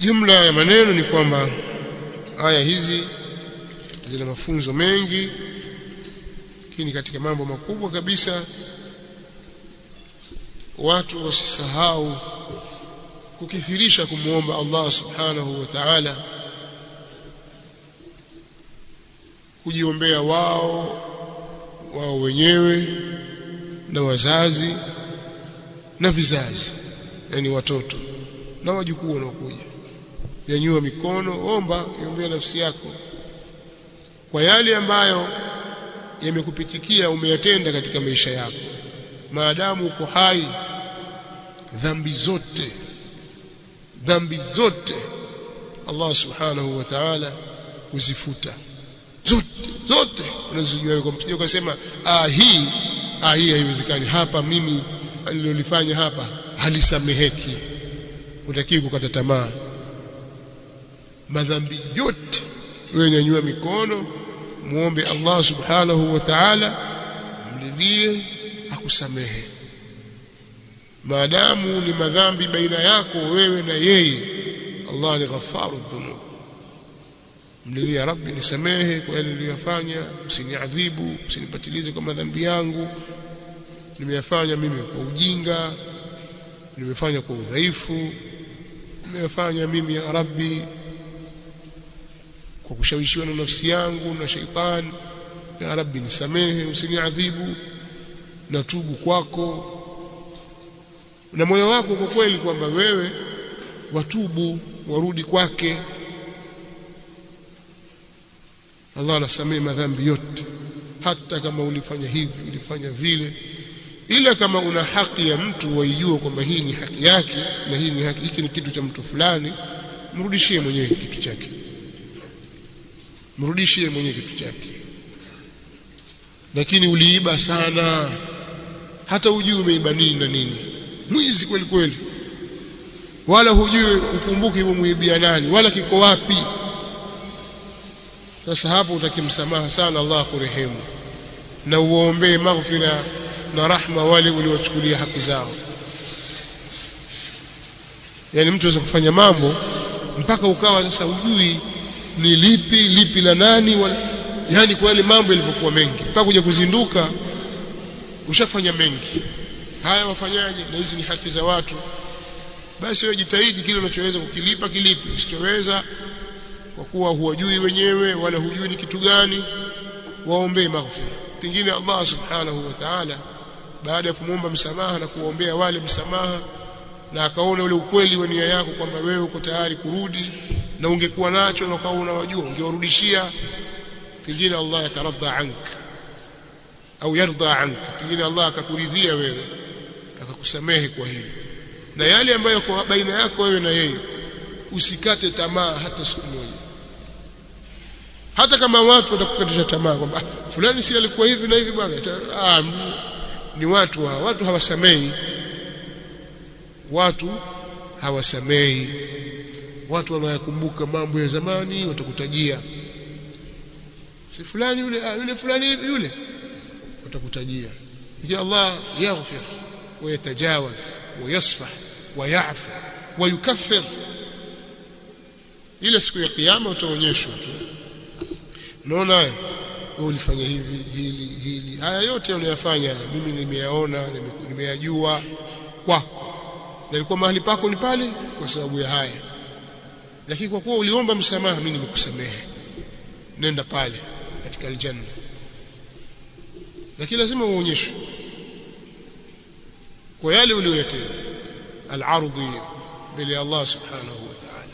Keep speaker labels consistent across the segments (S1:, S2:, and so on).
S1: Jumla ya maneno ni kwamba aya hizi zina mafunzo mengi, lakini katika mambo makubwa kabisa watu wasisahau kukithirisha kumwomba Allah subhanahu wa ta'ala, kujiombea wao wao wenyewe na wazazi na vizazi, yani watoto na wajukuu wanaokuja yanyua mikono, omba, iombea nafsi yako kwa yale ambayo yamekupitikia umeyatenda katika maisha yako, maadamu uko hai. Dhambi zote dhambi zote Allah subhanahu wa ta'ala huzifuta zote zote unazijua wewe, ukasema ah, hii ah, hii haiwezekani, hapa mimi nililolifanya hapa halisameheki. Hutakiwi kukata tamaa madhambi yote wewe nyanyua mikono muombe Allah subhanahu wa ta'ala mlilie akusamehe maadamu ni madhambi baina yako wewe na yeye Allah ni ghafaru dhunub mlilia rabbi nisamehe kwa yale niliyofanya usiniadhibu usinipatilize kwa madhambi yangu nimeyafanya mimi kwa ujinga nimefanya kwa udhaifu nimefanya mimi ya rabbi kwa kushawishiwa na nafsi yangu na shaitani ya rabbi nisamehe usiniadhibu natubu kwako na moyo wako kwa kweli kwamba wewe watubu warudi kwake Allah anasamehe madhambi yote hata kama ulifanya hivi ulifanya vile ila kama una haki ya mtu waijue kwamba hii ni haki yake na hii ni haki hiki ni kitu cha mtu fulani mrudishie mwenyewe kitu chake mrudishie mwenye kitu chake, lakini uliiba sana, hata hujui umeiba nini na nini. Mwizi kweli kweli, wala hujui ukumbuke umemwibia nani, wala kiko wapi. Sasa hapo utakimsamaha sana Allah kurehemu, na uombee maghfira na rahma wale uliowachukulia haki zao. Yaani mtu aweza kufanya mambo mpaka ukawa sasa hujui ni lipi lipi la nani wal, yani kwa yale mambo yalivyokuwa mengi mpaka kuja kuzinduka ushafanya mengi haya wafanyaje na hizi ni haki za watu basi wewe jitahidi kile unachoweza kukilipa kilipi usichoweza kwa kuwa huwajui wenyewe wala hujui ni kitu gani waombee maghfira pengine Allah subhanahu wa ta'ala baada ya kumwomba msamaha na kuwaombea wale msamaha na akaona ule ukweli wa nia yako kwamba wewe uko tayari kurudi na ungekuwa nacho na ukawa unawajua ungewarudishia, pengine Allah yataradha ank au yardha ank, pengine Allah akakuridhia wewe akakusamehe kwa hili na yale ambayo kwa baina yako wewe na yeye. Usikate tamaa hata siku moja, hata kama watu watakukatisha tamaa kwamba ah, fulani si alikuwa hivi na hivi bwana. Ah, ni watu hawa, watu hawasamei, watu hawasamei watu wanayakumbuka mambo ya zamani watakutajia si fulani yule ah, yule fulani yule watakutajia ya Allah yaghfir wayatajawaz wayasfah wayafu ويكفر ile siku ya kiyama utaonyeshwa naona wewe ulifanya hivi hili hili haya yote unayofanya mimi nimeyaona nimeyajua kwako nilikuwa mahali pako ni pale kwa sababu ya haya lakini kwa kuwa uliomba msamaha, mimi nimekusamehe, nenda pale katika aljanna. Lakini lazima uonyeshwe kwa yale uliyoyatenda, al-ardhi mbele ya Allah subhanahu wa ta'ala,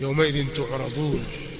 S1: yawma idhin tu'radun